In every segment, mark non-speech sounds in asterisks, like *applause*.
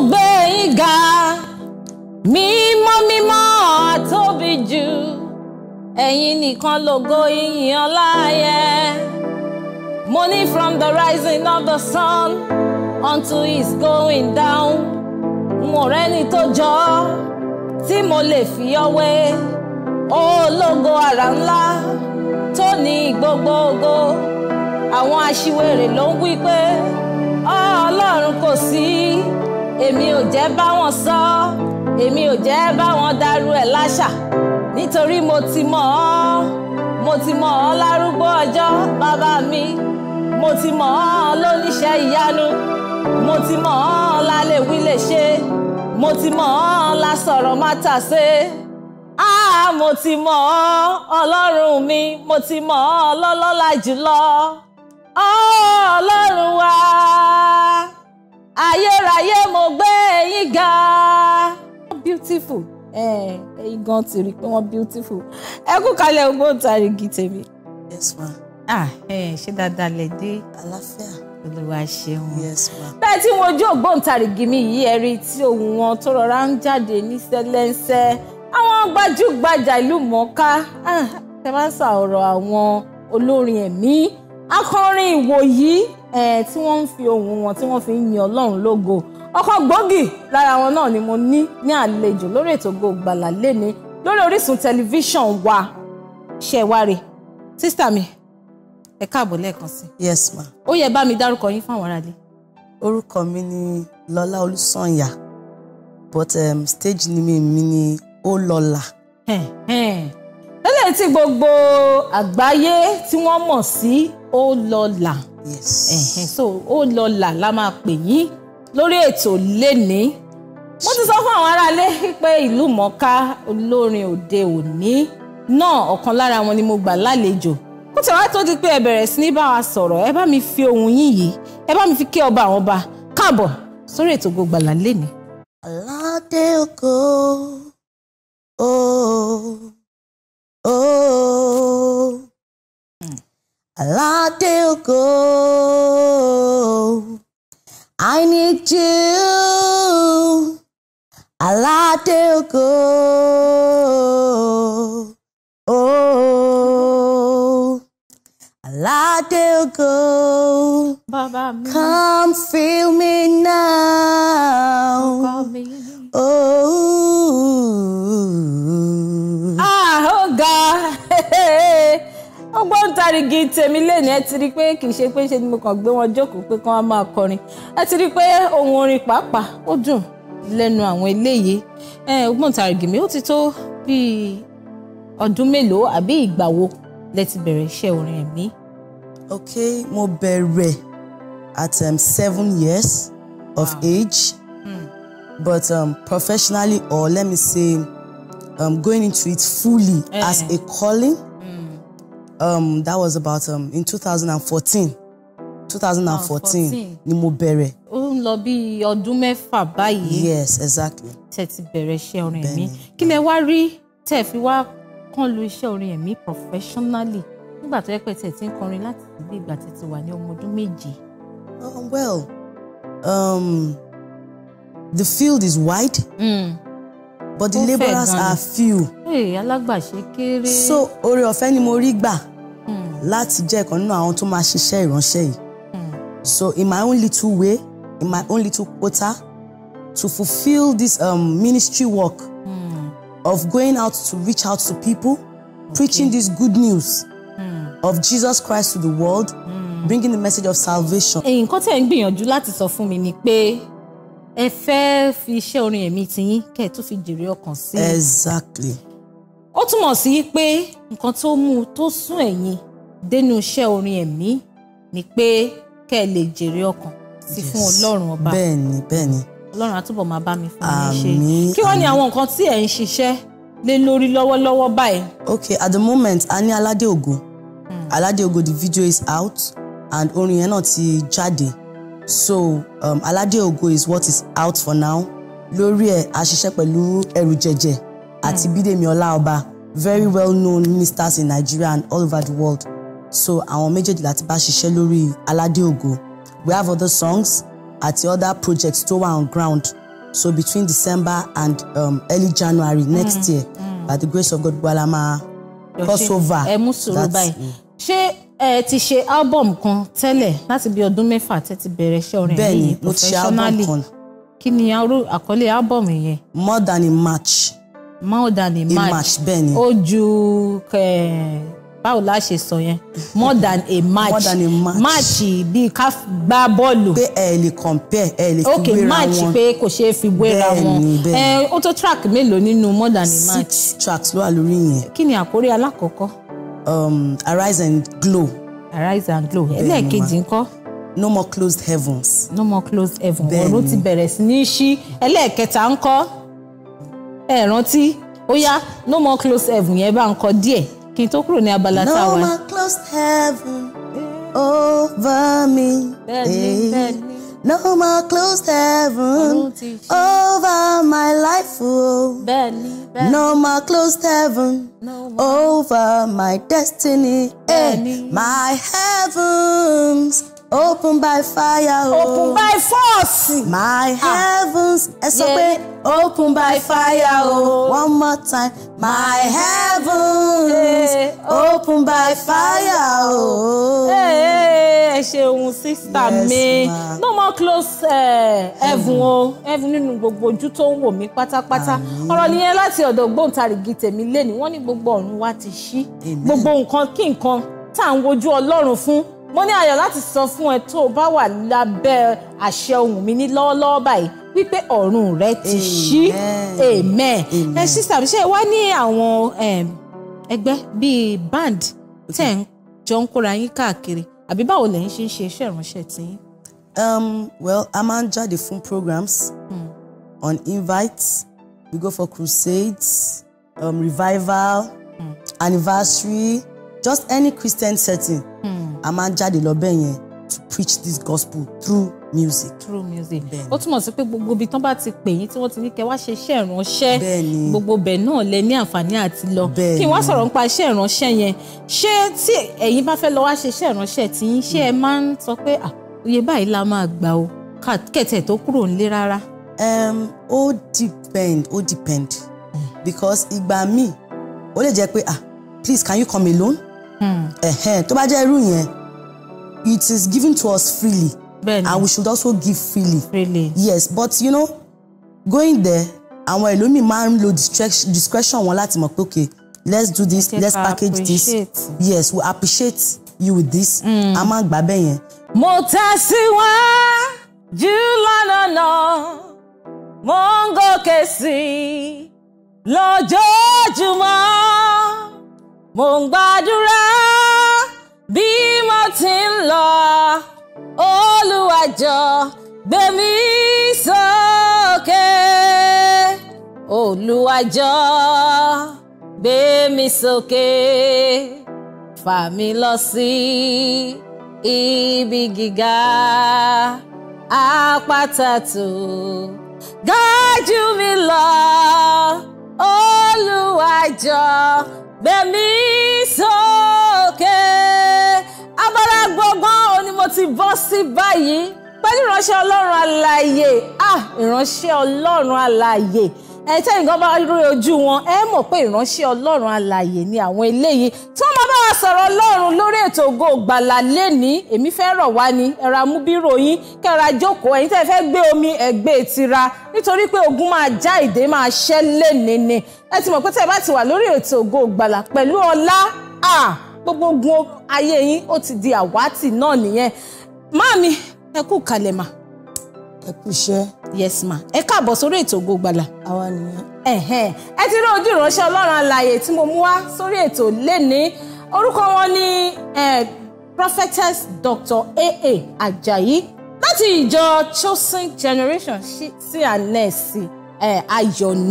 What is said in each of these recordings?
gbé yín ga mímọ́ mímọ́ àtóbi jù ẹ̀yin nìkan lógo ìyìn ọlá yẹ. from the rising of the sun unto his going down n ò rẹ́ni tó jọ ọ́ tí mo lè fi ọ́ wé ológo àrà ńlá tó ní gbogbo àwọn aṣiwèrè ló ń wí pé Ọlọ́run kò sí èmi ò jẹ́ bá wọn sọ èmi ò jẹ́ bá wọn dàrú ẹ̀ láṣà nítorí mo ti mọ̀ ọ́ mo ti mọ̀ ọ́ lárúgbó ọjọ́ bàbá mi mo ti mọ̀ ọ́ lóníṣẹ́ ìyanu mo ti mọ̀ ọ́ lálẹ́ wí ṣe mo ti mọ̀ ọ́ la má tà sé ah mo ti mọ̀ ọ́ ọlọ́run mi mo ti mọ̀ ọ́ lọ́lọ́lá jùlọ ọ́ ọlọ́run wa ayérayé mo gbé yín ga beautiful ẹ̀yin gan ti rí pé wọ́n beautiful ẹ kú kalẹ̀ ògbóǹtarìgì tèmi. yes ma. ah ṣé dáadáa lè dé. àlàáfíà. olúwa ṣeun. yes ma. bẹ́ẹ̀ tí wọ́n ojú ògbóǹtarìgì mi yìí ẹ rí tí ohùn wọn tó rọra ń jáde ní sẹ́lẹ́ńsẹ́ àwọn gbajúgbajà ìlú mọ̀ọ́ká ah, ẹ máa ń sàọ̀rọ̀ àwọn olórin ẹ̀mí akọrin ìwòyí tí wọ́n ń fi ohùn wọn tí wọ́n fi ń yin ọlọ́run lógo ọkọ̀ gbòógì lára wọn náà ni mo ní ní àlejò lórí ètò Ògo lẹ́ni lórí Orísun tẹlifíṣàn wa ṣe wá rè sísítà mi ẹ káàbọ̀ lẹ́ẹ̀kan sí. yes ma. ó yẹ bá mi dárúkọ yín fáwọn aráàlú. orúkọ mi ni Lọlá Olúsànyà but um, stage name mi ni ó lọlá. lẹ́lẹ̀ tí gbogbo àgbáyé tí wọ́n mọ̀ sí ó so ó lọ la máa pè yín lórí ètò lẹ́ni mo ti sọ fún àwọn aráalé pé ìlú mọ̀ọ́ká olórin òde òní náà ọ̀kan lára wọn ni mo gbà lálejò ó tẹ̀wá tó di pé ẹ bẹ̀rẹ̀ sí ní bá wa sọ̀rọ̀ ẹ bá mi fi ohun yín yìí ẹ bá mi fi kí ọba àwọn ọba káàbọ̀ sórí ètò Ògo Ìgbàlà lẹ́ni. aládé ògo ooo ooo. a lot to go. I need you a lot to go. Oh, a lot to go. Come feel me now. Oh. ògbóǹtarìgì tèmi lẹ́nu ẹ ti rí i pé kì í ṣe pé ṣe ni mo kàn gbé wọn jókòó pé kí wọ́n máa kọrin ẹ ti rí i pé ohun orin pàápàá ó dùn lẹ́nu àwọn eléyìí ògbóǹtarìgì mi ó ti tó bíi ọdún mélòó àbí ìgbà wo lẹ ti bẹ̀rẹ̀ iṣẹ́ orin ẹ̀mí. ok mo bẹ̀rẹ̀ at um, seven years of wow. age hmm. but um, professionally or let me say um, going into it fully eh. as a calling um, that was about um, in 2014 2014 ah, ni mo bẹ̀rẹ̀. ó ń lọ bí ọdún mẹ́fà báyìí. yes exactly. tẹ́ ti bẹ̀rẹ̀ iṣẹ́ orin ẹ̀mí kí lẹ wá rí tẹ́ fi wá kàn lu iṣẹ́ orin ẹ̀mí professionally nígbà tó yẹ pé tẹ́ ti ń kọrin láti ilé ìgbà tẹ́ ti wà ní ọmọ ọdún méje. Um, well um, the field is wide. Mm but the laborers are few. ee alágbàṣe kéré. so oore ọ̀fẹ́ ni mo rí gbà hmm. láti jẹ́ ìkan nínú àwọn tó máa ṣiṣẹ́ ìránṣẹ́ yìí hmm. so in my own little way in my own little quota to fulfil this um, ministry work mm. of going out to reach out to people okay. preaching this good news mm. of Jesus Christ to the world mm. bringing the message of salvation. nǹkan tẹ̀ ń gbìyànjú láti sọ fún mi ni pé ẹ fẹ́ fi iṣẹ́ orin ẹ̀mí tiyín kẹ́ ẹ̀ tún fi jèrè ọkàn sí. exactly. ó túmọ̀ sí pé nǹkan tó mú un tó sún ẹ̀yin dénú iṣẹ́ orin ẹ̀mí ni pé kẹ́ ẹ lè jèrè ọkàn sí fún ọlọ́run ọba. bẹ́ẹ̀ni bẹ́ẹ̀ni. ọlọ́run á máa bá mi fún mi ṣe kí wọ́n ní àwọn nǹkan tí ẹ̀ ń ṣiṣẹ́ lé lórí lọ́wọ́lọ́wọ́ báyìí. okay at the moment a ní aládé ògo hmm. aládé ògo the video is out and orin yẹn náà ti jáde so um, Alade Ogo is what is out for now lórí ẹ̀ a ṣiṣẹ́ pẹ̀lú ẹrù jẹjẹ àti hmm. Bídèmí Ọláọba very hmm. well known ministers in Nigeria and all over the world so àwọn méjèèjì láti bá ṣiṣẹ́ lórí Alade Ogo we have other songs àti other projects tó wà on ground so between December and um, early January hmm. next mm, year by the grace of God gbọ́dọ̀ máa crossover. over. mú sùúrù ẹ ti ṣe album kan tẹ́lẹ̀ láti bí ọdún mẹ́fà tẹ́ ti bẹ̀rẹ̀ iṣẹ́ orin yìí professionally kí ni àkọlé album yẹn. more than a match. more than a match a match bẹ́ẹ̀ ni. ó ju báwo la ṣe sọ yẹn more than a *laughs* match more than a match match bi ká gbá bọ́ọ̀lù. pé ẹ lè compare ẹ lè fi wéra wọn ok match pé kò ṣeé fi wéra wọn bẹ́ẹ̀ni bẹ́ẹ̀ni ẹ ó tó track mélòó nínú more than a match. six tracks ló wà lórí yẹn. kí ni àkórí alákọ̀ọ́kọ́ um, arise and glow. arise and glow ẹlẹ́ẹ̀kejì ńkọ́. no more closed heavens. no more closed heavens ọ̀rọ̀ ti bẹ̀rẹ̀ sí ní ṣí ẹlẹ́ẹ̀kẹta ńkọ́ ẹ rántí ó no more closed heaven yẹn bá ń kọ díẹ̀ kí n tó kúrò ní abala tá no more closed heaven over me. bẹ́ẹ̀ni bẹ́ẹ̀ni. no more closed heaven over me. No more closed heaven no more. over my destiny. Hey, my heavens Open by fire. Oh. Open by force. My ah. heavens. Ẹ sọ pé open by fire. Oh. oh. One more time. My heavens. Hey. Open by fire. Oh. Ẹ ṣeun sísítà mi. No more close ẹ̀bùn o. Ẹ̀bùn nínú gbogbo ojú tó ń wò mí pátápátá. Ọ̀rọ̀ nìyẹn láti ọ̀dọ̀ gbóǹtarìgì tèmi lé ní wọ́n ní gbogbo ọ̀run wa ti ṣí. Gbogbo nǹkan kí nǹkan tá à ń wojú Ọlọ́run fún mo ní ayọ̀ láti sọ fún ẹ tó o bá wà lábẹ́ àṣẹ ohùn mi ní lọ́wọ́lọ́wọ́ báyìí wípé ọ̀run rẹ ti ṣí amen ẹ sísà mi ṣe wá ní àwọn ẹgbẹ́ bíi band tẹ̀ ń jọ ń kóra yín káàkiri àbí báwo lẹ́yìn ṣe ń ṣe iṣẹ́ ìránṣẹ́ tí um, well, a máa ń jáde fún programs hmm. on invites we go for crusades um, revival mm. anniversary just any Christian setting a máa ń jáde lọ bẹ́ẹ̀ yẹn to preach this gospel through music. through music bẹ́ẹ̀ni ó túmọ̀ sí pé gbogbo ibi tán bá ti pè yín tí wọ́n ti ní kẹ́ wá ṣe iṣẹ́ ìránṣẹ́ bẹ́ẹ̀ni gbogbo bẹ̀ náà lẹ ní àǹfààní àti lọ bẹ́ẹ̀ni kí n wá sọ̀rọ̀ nípa iṣẹ́ ìránṣẹ́ yẹn ṣé tí ẹ̀yin bá fẹ́ lọ wá ṣe iṣẹ́ ìránṣẹ́ tí yín ṣé ẹ hmm. máa ń sọ pé iye báyìí la máa gbà o kẹ̀tẹ̀ tó kúrò nílé rárá. ó depend ó depend hmm. because ìgbà míì ó lè jẹ́ pé ah please can you come alone Hmm. tó bá jẹ́ irú yẹn it is given to us freely Bẹ́ẹ̀ni. and we should also give freely. freely yes but you know going there àwọn ẹlòmíì máa ń lo discretion wọn láti mọ̀ pé okay let's do this let's package this yes we appreciate you with this hmm. a máa gbà bẹ́ẹ̀ yẹn. mo tẹ̀síwájú lọ́nà náà mo ń gòkè sí i lójoojúmọ́ mo ń gbàdúrà bí mo ti ń lọ Olúwa jọ̀ọ́ gbé mi sókè Olúwa jọ̀ọ́ gbé mi sókè fà mí lọ sí ibi gíga àpáta tó ga jù lọ Olúwa gbé mi. ti bọ́ sí báyìí pẹ̀lú ìránṣẹ́ ọlọ́run alààyè ah ìránṣẹ́ ọlọ́run alààyè ẹ̀yin tẹ́yìn gan bá rí ojú wọn ẹ mọ̀ pé ìránṣẹ́ ọlọ́run alààyè ni àwọn eléyìí tí wọ́n máa bá wa sọ̀rọ̀ ọlọ́run lórí ètò Ògo Ìgbàlà lénìí èmi fẹ́ rọ̀ wá ni ẹ ra yín kẹ́ra jókòó ẹ̀yin tẹ́ fẹ́ gbé omi ẹ̀gbẹ́ e tira nítorí pé ogun máa já ìdè máa ṣẹ́ lénìí ni ẹ ti mọ̀ pé tẹ́ bá ti wà lórí ètò Ògo Ìgbàlà pẹ̀lú ọlá ah gbogbo ogun ayé yín ó ti di àwátì náà nìyẹn máàmi ẹ kú kalẹ̀ mà. ẹ kú iṣẹ́. yes ma ẹ káàbọ̀ sórí ètò Ògo Ìgbàlà. àwa nìyẹn. ẹ ti rí ojú ìránṣẹ́ ọlọ́run alààyè tí mo mú wá sórí ètò lẹ́ni orúkọ wọn ni prophetess dr aa ajayi láti ìjọ chosen generation cns ayọ̀ni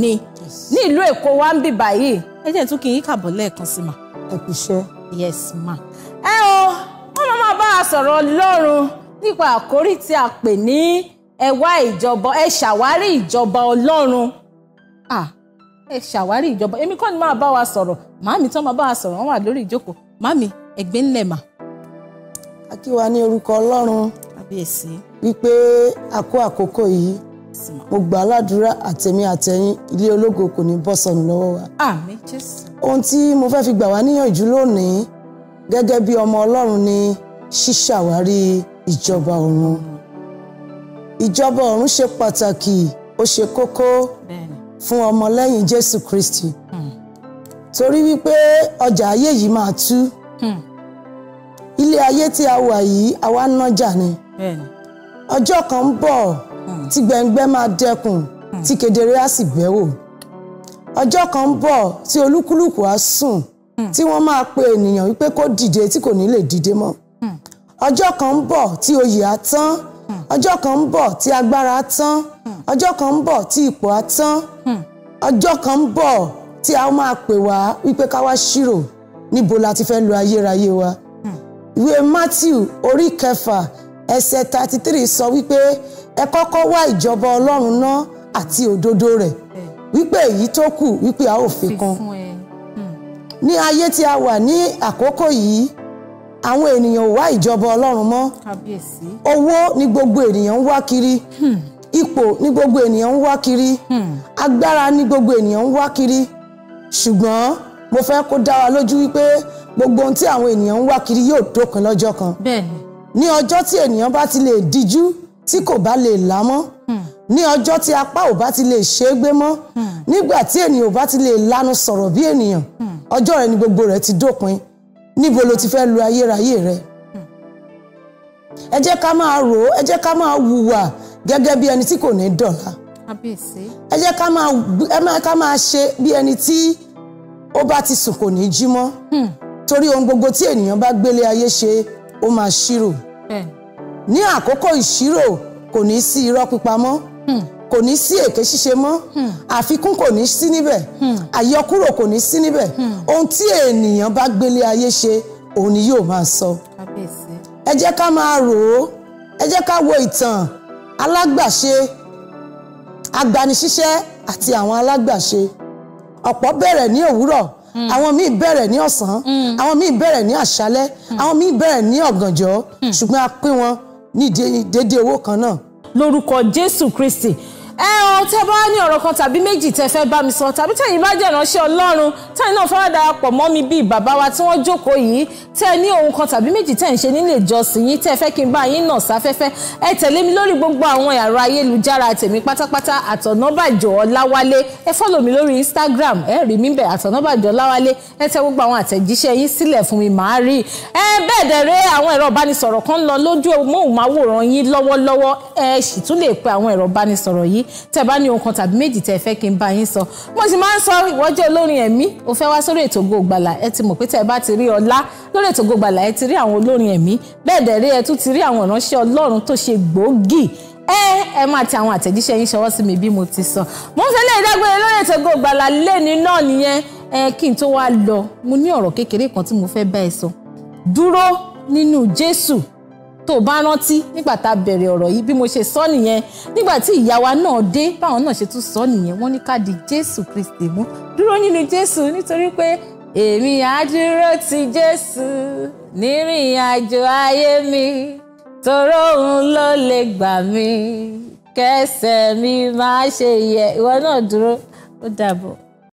ní ìlú èkó wa ń bì báyìí ẹ jẹ́ tún kí n yí kàbọ̀ lẹ́ẹ̀kan sí ma. ẹ kú iṣẹ́ yes ma. ẹ o wọn máa bá a sọ̀rọ̀ Ọlọ́run nípa àkórí tí a pè ní ẹ wá ìjọba ẹ ṣàwárí ìjọba Ọlọ́run ẹ ṣàwárí ìjọba èmi kọ́ ni máa bá wa sọ̀rọ̀ màámi tán máa bá wa sọ̀rọ̀ wọn wà lórí ìjókòó màámi ẹgbẹ́ ńlẹ̀ mà. a kí wa ní orúkọ Ọlọ́run kábíyèsí wípé a kó àkókò yìí mo gbà ládùúrà àtẹ̀mí àtẹ̀yìn ilé ológo kò ní bọ́ sọnù lọ́wọ́ wa. àmín Jésù ohun tí mo fẹ́ fi gbà wá níyànjú lónìí gẹ́gẹ́ bí ọmọ ọlọ́run ni ṣíṣàwárí ìjọba ọ̀run ìjọba ọ̀run ṣe pàtàkì ó ṣe kókó fún ọmọlẹ́yìn jésù kristi hmm. torí wípé ọjà ayé yìí máa tú hmm. ilé ayé tí a wà yìí àwa nájà ni ọjọ́ kan ń bọ̀ hmm. tí gbẹ̀ngbẹ́ máa dẹkùn tí kedere á sì bẹ́wò ọjọ́ kan ń bọ̀ tí olúkúlùkù á sùn hmm. tí wọ́n máa pe ènìyàn wípé kó dìde tí kò ní lè dìde mọ́ hmm. ọjọ́ kan ń bọ̀ tí oyè á tán hmm. ọjọ́ kan ń bọ̀ tí agbára á tán ọjọ́ kan bọ̀ tí ipò á tán ọjọ́ kan bọ̀ tí a máa pè wá wípé ká wá ṣírò níbo la ti fẹ́ lo ayérayé wa ìwé Matthew orí kẹfà ẹsẹ̀ thirty three sọ wípé ẹ kọ́kọ́ wá ìjọba Ọlọ́run náà àti òdodo rẹ̀ wípé èyí tó kù wípé a ó fi kún hmm. ní ayé tí a wà ní àkókò yìí àwọn ènìyàn ò wá ìjọba ọlọ́run mọ́ owó ni gbogbo ènìyàn ń wá kiri hmm. ipò ni gbogbo ènìyàn ń wá kiri hmm. agbára ni gbogbo ènìyàn ń wá kiri ṣùgbọ́n mo fẹ́ kó dá wa lójú wípé gbogbo ohun tí àwọn ènìyàn ń wá kiri yóò dópin lọ́jọ́ kan ní ọjọ́ tí ènìyàn bá ti lè díjú tí kò bá lè là ní ọjọ́ tí apá ò bá ti lè ṣe é gbé mọ́ hmm. nígbà tí ènìyàn ò bá ti lè lanu sọ̀rọ̀ bí ènìyàn hmm. ọjọ́ rẹ ni gbogbo rẹ ti dópin níbo lo ti fẹ́ lo ayérayé rẹ hmm. ẹ jẹ́ ká máa rò ó ẹ jẹ́ ká máa hùwà gẹ́gẹ́ bí ẹni tí kò ní dọ̀la ẹ jẹ́ ká máa ẹ máa ká máa ṣe bí ẹni tí ó bá ti sùn kò ní jí mọ́ torí ohun gbogbo tí ènìyàn bá gbélé ayé ṣe ó máa ṣírò ní àkókò ìṣírò kò ní sí irọ́ pípa Hmm. kò ní sí èké ṣíṣe mọ́ hmm. àfikún kò ní sí níbẹ̀ hmm. àyọkúrò kò ní sí níbẹ̀ ohun tí ènìyàn bá gbélé ayé ṣe òun ni yóò máa sọ. ẹ jẹ́ ká máa rò ó ẹ jẹ́ ká wo ìtàn alágbàṣe agbanisíṣẹ́ àti àwọn alágbàṣe ọ̀pọ̀ bẹ̀rẹ̀ ní òwúrọ̀ àwọn míì bẹ̀rẹ̀ ní ọ̀sán àwọn míì bẹ̀rẹ̀ ní àṣálẹ́ àwọn míì bẹ̀rẹ̀ ní ọ̀gànjọ́ ṣùgbọ́n a pín wọn ní déédéé owó kan náà lórúkọ Jésù Kristi ẹ ọ tẹ bá ní ọ̀rọ̀ kan tàbí méjì tẹ fẹ́ bá mi sọ tàbí tẹ̀yin bá jẹ́ ìránṣẹ́ Ọlọ́run tẹ̀yin náà fẹ́ darapọ̀ mọ́ mi bíi bàbá wa tí wọ́n jókòó yìí tẹ ní ohun kan tàbí méjì tẹ̀ ń ṣe nílé ìjọsìn yìí tẹ fẹ́ kí n bá yín náà sáfẹ́fẹ́ ẹ tẹ̀lé mi lórí gbogbo àwọn ẹ̀rọ ayélujára tèmi pátápátá àtọ̀nàbàjọ́ ọláwálé ẹ fọ́lọ̀ mi lórí Instagram ẹ rí mi bẹ̀ àtọ̀nàbàjọ́ ọláwálé ẹ tẹ gbogbo àwọn àtẹ̀jíṣẹ́ yín sílẹ̀ fún mi màá rí ẹ bẹ́ẹ̀ dẹ̀rẹ́ àwọn ẹ̀rọ ìbánisọ̀rọ̀ kan lọ lójú móhùnmáwòrán yín lọ́wọ́lọ́wọ́ ẹ sì tún lè pe àwọn ẹ̀rọ ìbánisọ̀rọ̀ yìí tẹ́ bá ní ohun kan tàbí méjì tẹ́ fẹ́ kí n bá yín sọ mo sì máa ń sọ ìwọ jẹ́ olórin ẹ̀mí o fẹ́ wá sórí ètò Ògo Ìgbàlà ẹ ti mọ̀ pé tẹ́ bá ti rí ọlá lórí ètò Ògo Ìgbàlà ẹ ti rí àwọn olórin ẹ̀mí bẹ́ẹ̀ dẹ̀ rí ẹ tún ti rí àwọn ìránṣẹ́ Ọlọ́run tó ṣe gbòógì ẹ ẹ máa ti àwọn àtẹ̀jíṣẹ́ yín ṣọwọ́ sí mi bí mo ti sọ mo ń fẹ́ lè lórí ètò Ògo lẹ́ni náà nìyẹn ẹ kí n tó wá lọ mo ní ọ̀rọ̀ kékeré kan tí mo fẹ́ bá ẹ sọ dúró nínú Jésù tó o bá rántí nígbà tá a bẹ̀rẹ̀ ọ̀rọ̀ yìí bí mo ṣe sọ nìyẹn nígbà tí ìyá wa náà dé báwọn náà ṣe tún sọ nìyẹn wọ́n ní ká di jésù kristi mú dúró nínú jésù nítorí pé èmi á ti jésù nírìn àjò ayé mi toró òun ló lè gbà mí kẹsẹ̀ mi má ṣe yẹ̀ ìwọ náà dúró ó dàbọ̀.